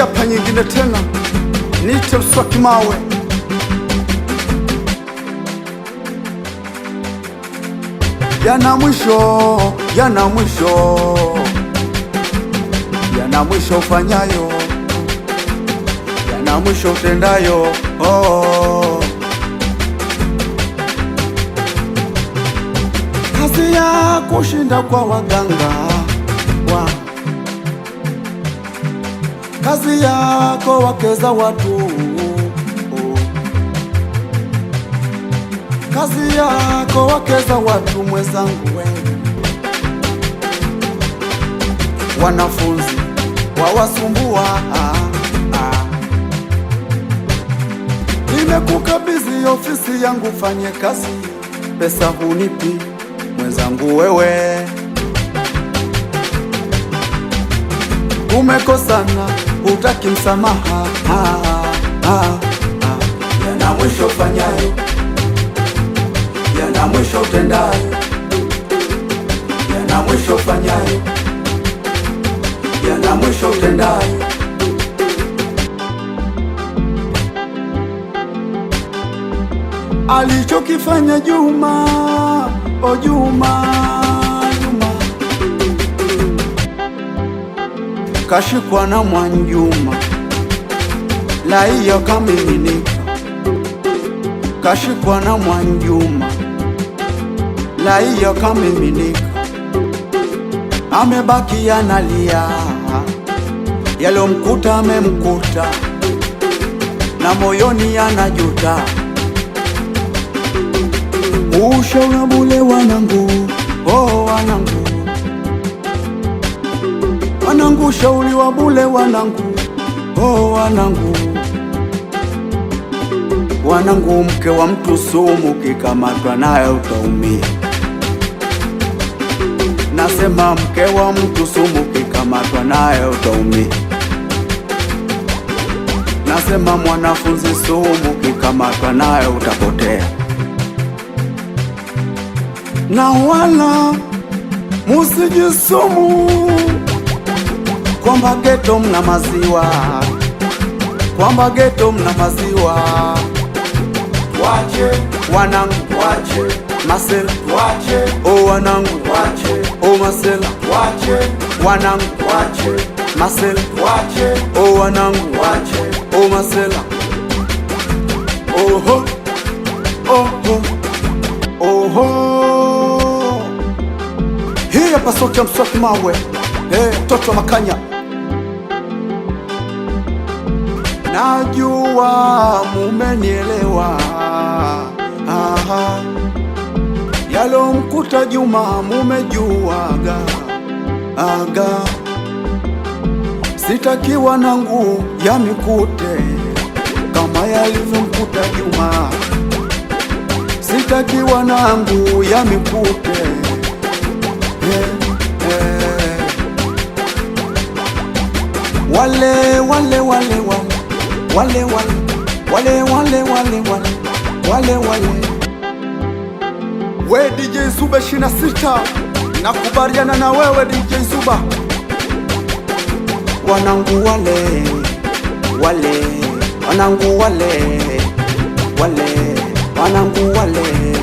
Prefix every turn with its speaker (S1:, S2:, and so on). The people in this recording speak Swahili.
S1: hapa nyingine tena, niite mswaki mawe. Yana mwisho, yana mwisho, yana mwisho ufanyayo, yana mwisho utendayo. Oh, kazi ya kushinda kwa waganga wa kazi yako wakeza watu Kazi yako wakeza watu mwenzangu wengi, wanafunzi wawasumbua ah, Nimekukabidhi ofisi yangu, fanye kazi, pesa hunipi mwenzangu wewe, umekosana utaki msamaha ha, ha, ha. Yana mwisho ufanyayo, yana mwisho utendayo, yana mwisho ufanyayo, yana mwisho utendayo Alichokifanya Juma, o oh Juma kashikwa na Mwanjuma laiyo kamiminika kashikwa na Mwanjuma laiyo kamiminika amebaki analia yalomkuta amemkuta na moyoni anajuta ushauri bule wanangu ushauri wa bule wanangu, oh wanangu, wanangu, mke wa mtu sumu, kikamatwa naye utaumia. Nasema mke wa mtu sumu, kikamatwa naye utaumia. Nasema mwanafunzi sumu, kikamatwa naye utapotea. Na wala musijisumu kwamba geto mna maziwa, kwamba geto mna maziwa. Wache wanangu, wache masela,
S2: wache
S1: o wanangu, wache o masela, wache wanangu, wache masela, wache o wanangu,
S2: wache
S1: o masela. Oho, oho, oho, hiya pasokia mswaki mawe, hey, eh, toto wa makanya najua mumenielewa. Aha, yalomkuta Juma mumejuaga. Aga, sitakiwa nangu yamikute kama yalivyomkuta Juma, sitakiwa nangu yamikute hey. Eh, eh. Wale, wale, wale, wale wale wale wale wale wale wale wale wale wale we DJ Zuba shina sita na na wewe DJ Zuba, wanangu wale wale wanangu wale wale wanangu wale